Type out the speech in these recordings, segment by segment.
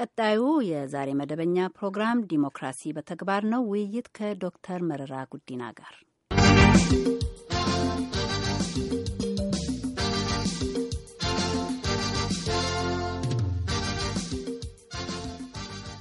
ቀጣዩ የዛሬ መደበኛ ፕሮግራም ዲሞክራሲ በተግባር ነው። ውይይት ከዶክተር መረራ ጉዲና ጋር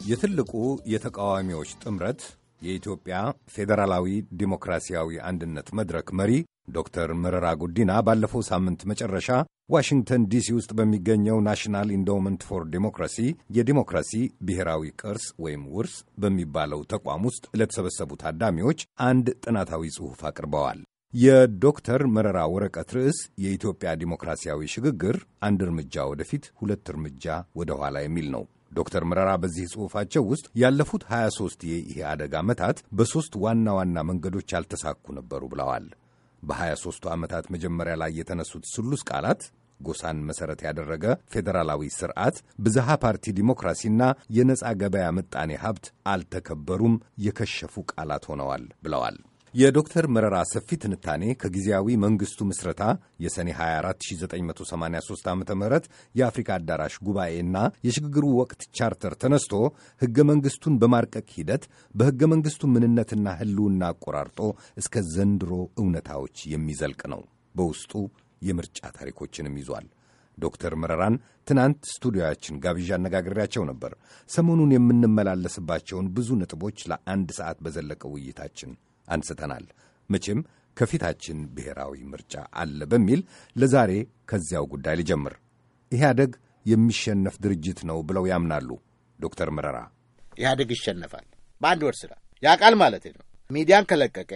የትልቁ የተቃዋሚዎች ጥምረት የኢትዮጵያ ፌዴራላዊ ዲሞክራሲያዊ አንድነት መድረክ መሪ ዶክተር መረራ ጉዲና ባለፈው ሳምንት መጨረሻ ዋሽንግተን ዲሲ ውስጥ በሚገኘው ናሽናል ኢንዶመንት ፎር ዲሞክራሲ የዲሞክራሲ ብሔራዊ ቅርስ ወይም ውርስ በሚባለው ተቋም ውስጥ ለተሰበሰቡ ታዳሚዎች አንድ ጥናታዊ ጽሑፍ አቅርበዋል። የዶክተር መረራ ወረቀት ርዕስ የኢትዮጵያ ዲሞክራሲያዊ ሽግግር አንድ እርምጃ ወደፊት፣ ሁለት እርምጃ ወደ ኋላ የሚል ነው። ዶክተር መረራ በዚህ ጽሑፋቸው ውስጥ ያለፉት 23 የኢህአደግ ዓመታት በሦስት ዋና ዋና መንገዶች ያልተሳኩ ነበሩ ብለዋል። በ23ቱ ዓመታት መጀመሪያ ላይ የተነሱት ስሉስ ቃላት ጎሳን መሠረት ያደረገ ፌዴራላዊ ስርዓት፣ ብዝሃ ፓርቲ ዲሞክራሲና የነፃ ገበያ ምጣኔ ሀብት አልተከበሩም፣ የከሸፉ ቃላት ሆነዋል ብለዋል። የዶክተር መረራ ሰፊ ትንታኔ ከጊዜያዊ መንግስቱ ምስረታ የሰኔ 24 1983 ዓ ም የአፍሪካ አዳራሽ ጉባኤና የሽግግሩ ወቅት ቻርተር ተነስቶ ሕገ መንግሥቱን በማርቀቅ ሂደት በሕገ መንግሥቱ ምንነትና ህልውና አቆራርጦ እስከ ዘንድሮ እውነታዎች የሚዘልቅ ነው። በውስጡ የምርጫ ታሪኮችንም ይዟል። ዶክተር መረራን ትናንት ስቱዲዮያችን ጋብዣ አነጋግሬያቸው ነበር። ሰሞኑን የምንመላለስባቸውን ብዙ ነጥቦች ለአንድ ሰዓት በዘለቀ ውይይታችን አንስተናል። መቼም ከፊታችን ብሔራዊ ምርጫ አለ በሚል ለዛሬ ከዚያው ጉዳይ ልጀምር። ኢህአደግ የሚሸነፍ ድርጅት ነው ብለው ያምናሉ ዶክተር መረራ? ኢህአደግ ይሸነፋል በአንድ ወር ስራ ያቃል ማለት ነው። ሚዲያን ከለቀቀ፣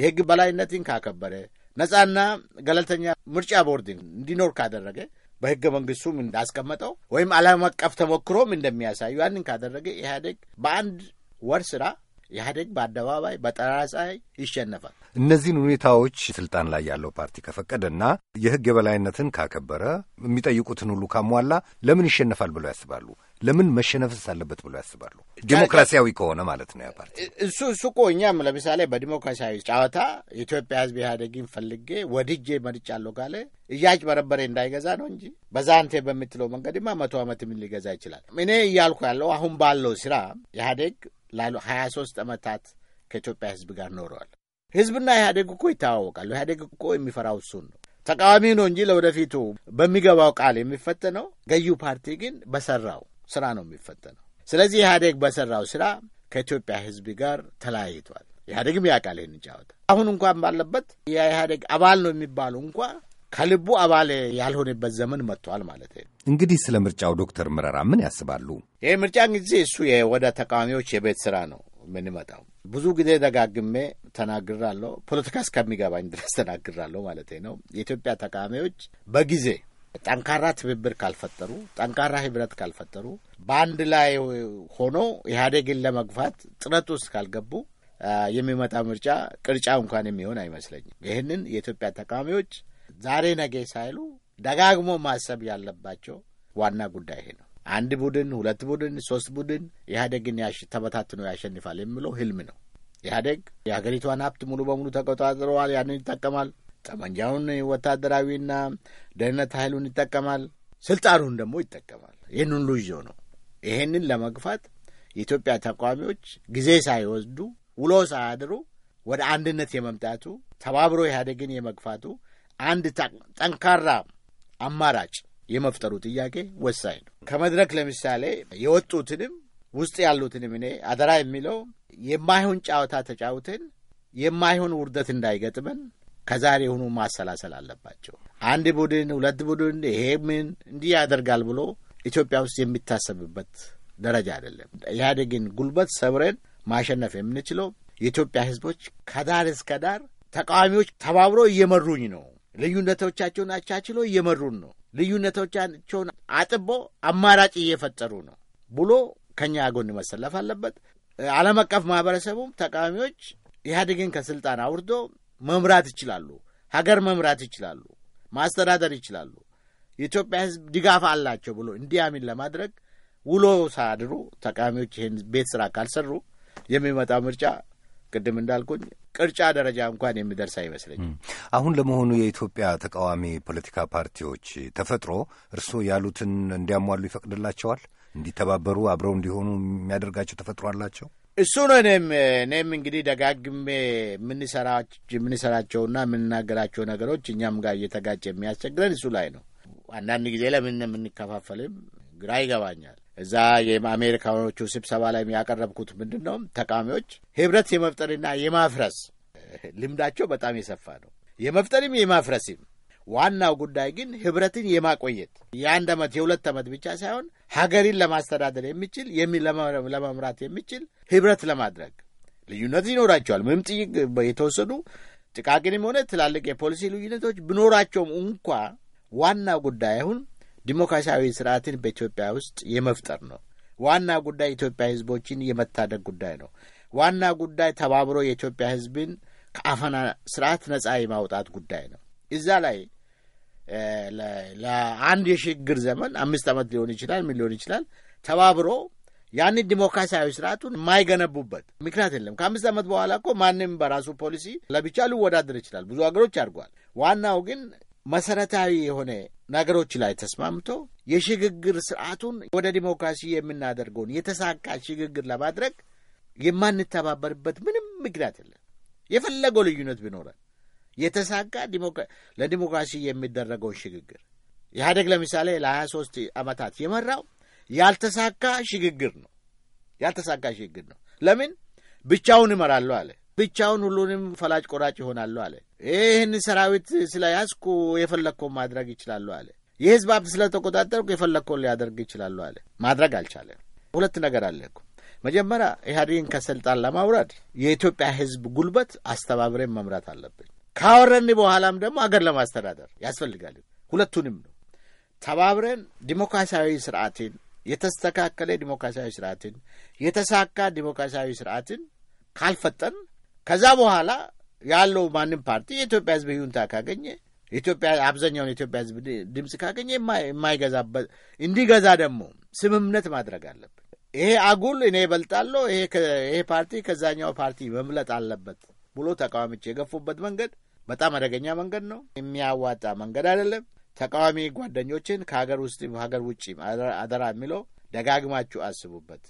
የህግ በላይነትን ካከበረ፣ ነጻና ገለልተኛ ምርጫ ቦርድ እንዲኖር ካደረገ በህገ መንግስቱም እንዳስቀመጠው ወይም ዓለም አቀፍ ተሞክሮም እንደሚያሳዩ ያንን ካደረገ ኢህአዴግ በአንድ ወር ስራ ኢህአዴግ በአደባባይ በጠራ ፀሐይ ይሸነፋል። እነዚህን ሁኔታዎች ስልጣን ላይ ያለው ፓርቲ ከፈቀደና የህግ የበላይነትን ካከበረ የሚጠይቁትን ሁሉ ካሟላ ለምን ይሸነፋል ብለው ያስባሉ? ለምን መሸነፍስ አለበት ብለው ያስባሉ? ዲሞክራሲያዊ ከሆነ ማለት ነው ያ ፓርቲ። እሱ እሱ እኮ እኛም ለምሳሌ በዲሞክራሲያዊ ጨዋታ የኢትዮጵያ ህዝብ ኢህአዴግን ፈልጌ ወድጄ መርጫለሁ ካለ እያጭ በረበሬ እንዳይገዛ ነው እንጂ በዛንቴ በምትለው መንገድማ መቶ ዓመት ምን ሊገዛ ይችላል? እኔ እያልኩ ያለው አሁን ባለው ስራ ኢህአዴግ ላሉ 23 ዓመታት ከኢትዮጵያ ህዝብ ጋር ኖረዋል። ህዝብና ኢህአዴግ እኮ ይታዋወቃሉ። ኢህአዴግ እኮ የሚፈራው እሱን ነው። ተቃዋሚ ነው እንጂ ለወደፊቱ በሚገባው ቃል የሚፈተነው ገዢው ፓርቲ ግን በሰራው ስራ ነው የሚፈተነው። ስለዚህ ኢህአዴግ በሰራው ስራ ከኢትዮጵያ ህዝብ ጋር ተለያይቷል። ኢህአዴግም ያውቃል ይህን ጫወታ። አሁን እንኳን ባለበት የኢህአዴግ አባል ነው የሚባሉ እንኳ ከልቡ አባል ያልሆነበት ዘመን መጥቷል ማለት ነው። እንግዲህ ስለ ምርጫው ዶክተር ምረራ ምን ያስባሉ? ይህ ምርጫ ጊዜ እሱ ወደ ተቃዋሚዎች የቤት ስራ ነው የምንመጣው። ብዙ ጊዜ ደጋግሜ ተናግራለሁ። ፖለቲካ እስከሚገባኝ ድረስ ተናግራለሁ ማለት ነው። የኢትዮጵያ ተቃዋሚዎች በጊዜ ጠንካራ ትብብር ካልፈጠሩ፣ ጠንካራ ህብረት ካልፈጠሩ፣ በአንድ ላይ ሆኖ ኢህአዴግን ለመግፋት ጥረት ውስጥ ካልገቡ የሚመጣ ምርጫ ቅርጫ እንኳን የሚሆን አይመስለኝም። ይህንን የኢትዮጵያ ተቃዋሚዎች ዛሬ ነገ ሳይሉ ደጋግሞ ማሰብ ያለባቸው ዋና ጉዳይ ይሄ ነው። አንድ ቡድን፣ ሁለት ቡድን፣ ሶስት ቡድን ኢህአዴግን ተበታትኖ ያሸንፋል የሚለው ህልም ነው። ኢህአዴግ የሀገሪቷን ሀብት ሙሉ በሙሉ ተቆጣጥረዋል። ያንን ይጠቀማል። ጠመንጃውን፣ ወታደራዊና ደህንነት ኃይሉን ይጠቀማል። ስልጣኑን ደግሞ ይጠቀማል። ይህን ሁሉ ይዞ ነው። ይሄንን ለመግፋት የኢትዮጵያ ተቃዋሚዎች ጊዜ ሳይወስዱ ውሎ ሳያድሩ ወደ አንድነት የመምጣቱ ተባብሮ ኢህአዴግን የመግፋቱ አንድ ጠንካራ አማራጭ የመፍጠሩ ጥያቄ ወሳኝ ነው። ከመድረክ ለምሳሌ የወጡትንም ውስጥ ያሉትንም እኔ አደራ የሚለው የማይሆን ጨዋታ ተጫውተን የማይሆን ውርደት እንዳይገጥመን ከዛሬ ሆኑ ማሰላሰል አለባቸው። አንድ ቡድን ሁለት ቡድን ይሄ ምን እንዲህ ያደርጋል ብሎ ኢትዮጵያ ውስጥ የሚታሰብበት ደረጃ አይደለም። ኢህአዴግን ጉልበት ሰብረን ማሸነፍ የምንችለው የኢትዮጵያ ሕዝቦች ከዳር እስከ ዳር ተቃዋሚዎች ተባብሮ እየመሩኝ ነው ልዩነቶቻቸውን አቻችሎ እየመሩን ነው። ልዩነቶቻቸውን አጥቦ አማራጭ እየፈጠሩ ነው ብሎ ከኛ ጎን መሰለፍ አለበት። ዓለም አቀፍ ማህበረሰቡም ተቃዋሚዎች ኢህአዴግን ከስልጣን አውርዶ መምራት ይችላሉ፣ ሀገር መምራት ይችላሉ፣ ማስተዳደር ይችላሉ፣ የኢትዮጵያ ህዝብ ድጋፍ አላቸው ብሎ እንዲያምን ለማድረግ ውሎ ሳድሩ ተቃዋሚዎች ይህን ቤት ስራ ካልሰሩ የሚመጣው ምርጫ ቅድም እንዳልኩኝ ቅርጫ ደረጃ እንኳን የሚደርስ አይመስለኝም። አሁን ለመሆኑ የኢትዮጵያ ተቃዋሚ ፖለቲካ ፓርቲዎች ተፈጥሮ እርስዎ ያሉትን እንዲያሟሉ ይፈቅድላቸዋል? እንዲተባበሩ አብረው እንዲሆኑ የሚያደርጋቸው ተፈጥሮ አላቸው? እሱ ነው። እኔም እኔም እንግዲህ ደጋግሜ የምንሰራቸውና የምንናገራቸው ነገሮች እኛም ጋር እየተጋጨ የሚያስቸግረን እሱ ላይ ነው። አንዳንድ ጊዜ ለምን የምንከፋፈልም ግራ ይገባኛል። እዛ የአሜሪካኖቹ ስብሰባ ላይ ያቀረብኩት ምንድን ነው፣ ተቃዋሚዎች ህብረት የመፍጠርና የማፍረስ ልምዳቸው በጣም የሰፋ ነው። የመፍጠርም የማፍረስም ዋናው ጉዳይ ግን ህብረትን የማቆየት የአንድ ዓመት የሁለት ዓመት ብቻ ሳይሆን ሀገሪን ለማስተዳደር የሚችል ለመምራት የሚችል ህብረት ለማድረግ ልዩነት ይኖራቸዋል። ምንም ጥይቅ የተወሰዱ ጥቃቅንም ሆነ ትላልቅ የፖሊሲ ልዩነቶች ቢኖራቸውም እንኳ ዋናው ጉዳይ አሁን ዲሞክራሲያዊ ስርዓትን በኢትዮጵያ ውስጥ የመፍጠር ነው። ዋና ጉዳይ የኢትዮጵያ ህዝቦችን የመታደግ ጉዳይ ነው። ዋና ጉዳይ ተባብሮ የኢትዮጵያ ህዝብን ከአፈና ስርዓት ነጻ የማውጣት ጉዳይ ነው። እዛ ላይ ለአንድ የሽግግር ዘመን አምስት ዓመት ሊሆን ይችላል፣ ምን ሊሆን ይችላል ተባብሮ ያንን ዲሞክራሲያዊ ስርዓቱን የማይገነቡበት ምክንያት የለም። ከአምስት ዓመት በኋላ እኮ ማንም በራሱ ፖሊሲ ለብቻ ሊወዳደር ይችላል። ብዙ ሀገሮች አድርጓል። ዋናው ግን መሰረታዊ የሆነ ነገሮች ላይ ተስማምቶ የሽግግር ስርዓቱን ወደ ዲሞክራሲ የምናደርገውን የተሳካ ሽግግር ለማድረግ የማንተባበርበት ምንም ምክንያት የለም። የፈለገው ልዩነት ቢኖረን የተሳካ ለዲሞክራሲ የሚደረገውን ሽግግር ኢህአደግ ለምሳሌ ለ23 ዓመታት የመራው ያልተሳካ ሽግግር ነው። ያልተሳካ ሽግግር ነው። ለምን ብቻውን እመራለሁ አለ። ብቻውን ሁሉንም ፈላጭ ቆራጭ ይሆናለሁ አለ። ይህን ሰራዊት ስለያዝኩ የፈለግከውን ማድረግ ይችላሉ አለ። የህዝብ ሀብት ስለተቆጣጠርኩ የፈለግከውን ሊያደርግ ይችላሉ አለ። ማድረግ አልቻለም። ሁለት ነገር አለ እኮ መጀመሪያ ኢህአዴግን ከስልጣን ለማውረድ የኢትዮጵያ ህዝብ ጉልበት አስተባብሬን መምራት አለብን። ካወረን በኋላም ደግሞ አገር ለማስተዳደር ያስፈልጋል። ሁለቱንም ነው ተባብረን ዲሞክራሲያዊ ስርዓትን የተስተካከለ ዲሞክራሲያዊ ስርዓትን የተሳካ ዲሞክራሲያዊ ስርዓትን ካልፈጠን ከዛ በኋላ ያለው ማንም ፓርቲ የኢትዮጵያ ህዝብ ይሁንታ ካገኘ ኢትዮጵያ አብዛኛውን የኢትዮጵያ ህዝብ ድምፅ ካገኘ የማይገዛበት እንዲገዛ ደግሞ ስምምነት ማድረግ አለብን። ይሄ አጉል እኔ ይበልጣለሁ፣ ይሄ ፓርቲ ከዛኛው ፓርቲ መምለጥ አለበት ብሎ ተቃዋሚዎች የገፉበት መንገድ በጣም አደገኛ መንገድ ነው። የሚያዋጣ መንገድ አይደለም። ተቃዋሚ ጓደኞችን ከሀገር ውስጥ ሀገር ውጭ አደራ የሚለው ደጋግማችሁ አስቡበት።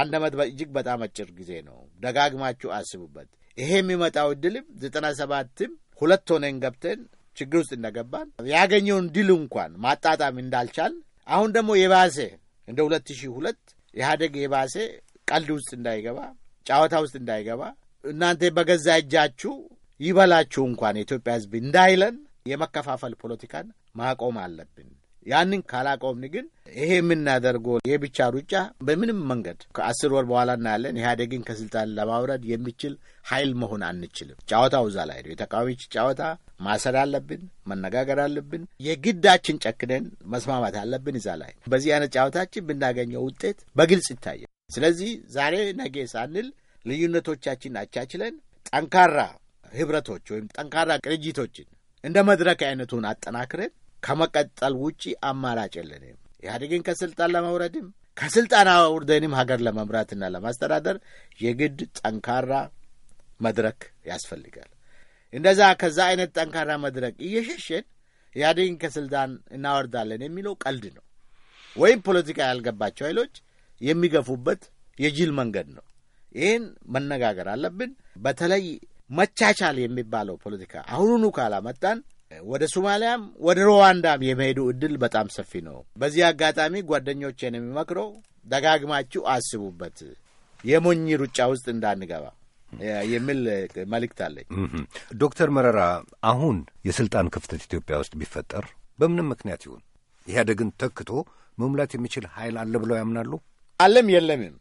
አንድ ዓመት እጅግ በጣም አጭር ጊዜ ነው። ደጋግማችሁ አስቡበት። ይሄ የሚመጣው ድልም ዘጠና ሰባትም ሁለት ሆነን ገብተን ችግር ውስጥ እንደገባን ያገኘውን ድል እንኳን ማጣጣም እንዳልቻል አሁን ደግሞ የባሰ እንደ ሁለት ሺህ ሁለት ኢህአዴግ የባሰ ቀልድ ውስጥ እንዳይገባ ጨዋታ ውስጥ እንዳይገባ እናንተ በገዛ እጃችሁ ይበላችሁ እንኳን የኢትዮጵያ ሕዝብ እንዳይለን የመከፋፈል ፖለቲካን ማቆም አለብን። ያንን ካላቆምን ግን ይሄ የምናደርገው የብቻ ሩጫ በምንም መንገድ ከአስር ወር በኋላ እናያለን። ኢህአዴግን ከስልጣን ለማውረድ የሚችል ኃይል መሆን አንችልም። ጨዋታው እዛ ላይ ነው። የተቃዋሚዎች ጨዋታ ማሰር አለብን፣ መነጋገር አለብን። የግዳችን ጨክነን መስማማት አለብን። እዛ ላይ በዚህ አይነት ጨዋታችን ብናገኘው ውጤት በግልጽ ይታያል። ስለዚህ ዛሬ ነገ ሳንል ልዩነቶቻችን አቻችለን ጠንካራ ህብረቶች ወይም ጠንካራ ቅርጅቶችን እንደ መድረክ አይነቱን አጠናክረን ከመቀጠል ውጪ አማራጭ የለንም። ኢህአዴግን ከስልጣን ለመውረድም ከስልጣን አውርደንም ሀገር ለመምራትና ለማስተዳደር የግድ ጠንካራ መድረክ ያስፈልጋል። እንደዛ ከዛ አይነት ጠንካራ መድረክ እየሸሸን ኢህአዴግን ከስልጣን እናወርዳለን የሚለው ቀልድ ነው፣ ወይም ፖለቲካ ያልገባቸው ኃይሎች የሚገፉበት የጅል መንገድ ነው። ይህን መነጋገር አለብን። በተለይ መቻቻል የሚባለው ፖለቲካ አሁኑኑ ካላመጣን ወደ ሶማሊያም ወደ ሩዋንዳም የመሄዱ እድል በጣም ሰፊ ነው። በዚህ አጋጣሚ ጓደኞቼን የሚመክረው ደጋግማችሁ አስቡበት፣ የሞኝ ሩጫ ውስጥ እንዳንገባ የሚል መልእክት አለኝ። ዶክተር መረራ አሁን የስልጣን ክፍተት ኢትዮጵያ ውስጥ ቢፈጠር በምንም ምክንያት ይሁን ኢህአዴግን ተክቶ መሙላት የሚችል ኃይል አለ ብለው ያምናሉ? አለም የለምም።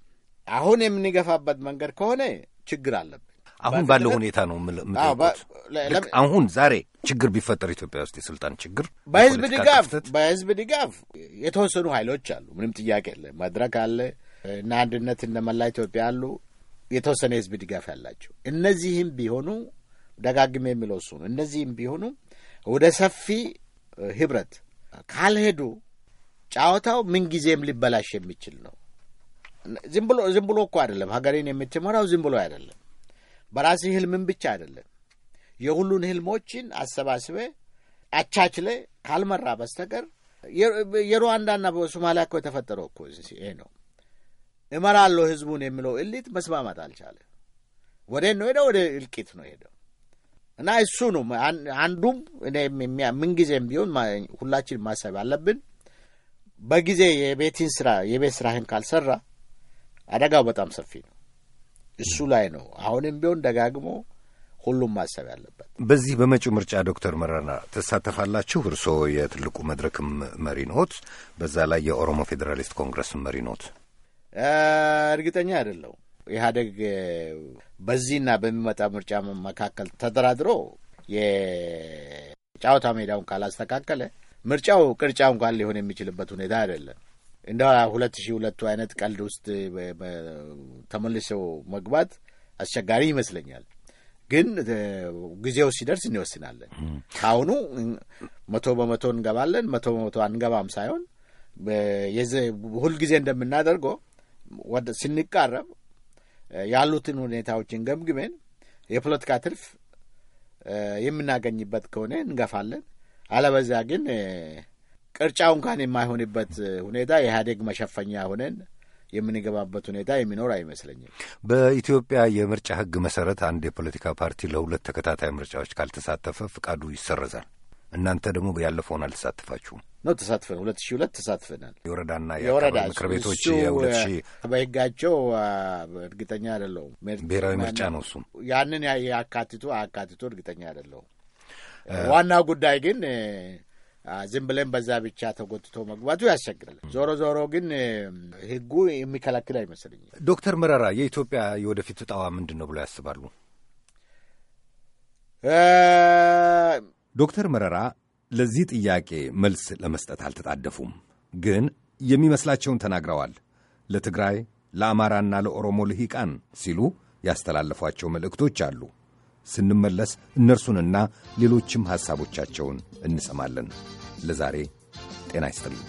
አሁን የምንገፋበት መንገድ ከሆነ ችግር አለብን። አሁን ባለው ሁኔታ ነው የምጠይቁት። አሁን ዛሬ ችግር ቢፈጠር ኢትዮጵያ ውስጥ የስልጣን ችግር በህዝብ ድጋፍ በህዝብ ድጋፍ የተወሰኑ ኃይሎች አሉ። ምንም ጥያቄ የለ። መድረክ አለ እና አንድነት እንደመላ ኢትዮጵያ አሉ። የተወሰነ የህዝብ ድጋፍ ያላቸው እነዚህም ቢሆኑ ደጋግሜ የሚለው እሱ ነው። እነዚህም ቢሆኑ ወደ ሰፊ ህብረት ካልሄዱ ጨዋታው ምንጊዜም ሊበላሽ የሚችል ነው። ዝም ብሎ ዝም ብሎ እኮ አይደለም ሀገሬን የምትመራው ዝም ብሎ አይደለም። በራስህ ህልምን ብቻ አይደለም። የሁሉን ህልሞችን አሰባስበ አቻችለ ካልመራ በስተቀር የሩዋንዳና በሶማሊያ እኮ የተፈጠረው እኮ ይሄ ነው። እመራለሁ ህዝቡን የሚለው እሊት መስማማት አልቻለ። ወደ ነው ሄደው ወደ እልቂት ነው ሄደው እና እሱ ነው አንዱም ምንጊዜም ቢሆን ሁላችን ማሰብ አለብን። በጊዜ የቤትን ስራ የቤት ስራህን ካልሰራ አደጋው በጣም ሰፊ ነው። እሱ ላይ ነው አሁንም ቢሆን ደጋግሞ ሁሉም ማሰብ ያለበት። በዚህ በመጪው ምርጫ ዶክተር መረራ ትሳተፋላችሁ? እርስዎ የትልቁ መድረክም መሪ ኖት፣ በዛ ላይ የኦሮሞ ፌዴራሊስት ኮንግረስም መሪ ኖት። እርግጠኛ አይደለው ኢህአዴግ በዚህና በሚመጣ ምርጫ መካከል ተደራድሮ የጨዋታ ሜዳውን ካላስተካከለ ምርጫው ቅርጫ እንኳን ሊሆን የሚችልበት ሁኔታ አይደለም። እንደ ሁለት ሺህ ሁለቱ አይነት ቀልድ ውስጥ ተመልሰው መግባት አስቸጋሪ ይመስለኛል። ግን ጊዜው ሲደርስ እንወስናለን። ከአሁኑ መቶ በመቶ እንገባለን፣ መቶ በመቶ አንገባም ሳይሆን ሁልጊዜ እንደምናደርገው ስንቃረብ ያሉትን ሁኔታዎችን ገምግሜን የፖለቲካ ትርፍ የምናገኝበት ከሆነ እንገፋለን። አለበዛ ግን ቅርጫው እንኳን የማይሆንበት ሁኔታ የኢህአዴግ መሸፈኛ ሆነን የምንገባበት ሁኔታ የሚኖር አይመስለኝም። በኢትዮጵያ የምርጫ ህግ መሰረት አንድ የፖለቲካ ፓርቲ ለሁለት ተከታታይ ምርጫዎች ካልተሳተፈ ፍቃዱ ይሰረዛል። እናንተ ደግሞ ያለፈውን አልተሳተፋችሁም ነው? ተሳትፈን ሁለት ሺ ሁለት ተሳትፈናል። የወረዳና የወረዳ ምክር ቤቶች የሁለት ሺ በህጋቸው እርግጠኛ አይደለሁም። ብሔራዊ ምርጫ ነው እሱም ያንን የአካትቱ አካትቱ እርግጠኛ አይደለሁም። ዋናው ጉዳይ ግን ዝም ብለን በዛ ብቻ ተጎትቶ መግባቱ ያስቸግራል። ዞሮ ዞሮ ግን ህጉ የሚከለክል አይመስልኝ። ዶክተር መረራ የኢትዮጵያ የወደፊት እጣዋ ምንድን ነው ብሎ ያስባሉ? ዶክተር መረራ ለዚህ ጥያቄ መልስ ለመስጠት አልተጣደፉም፣ ግን የሚመስላቸውን ተናግረዋል። ለትግራይ ለአማራና ለኦሮሞ ልሂቃን ሲሉ ያስተላለፏቸው መልእክቶች አሉ። ስንመለስ እነርሱንና ሌሎችም ሐሳቦቻቸውን እንሰማለን። ለዛሬ ጤና ይስጥልኝ።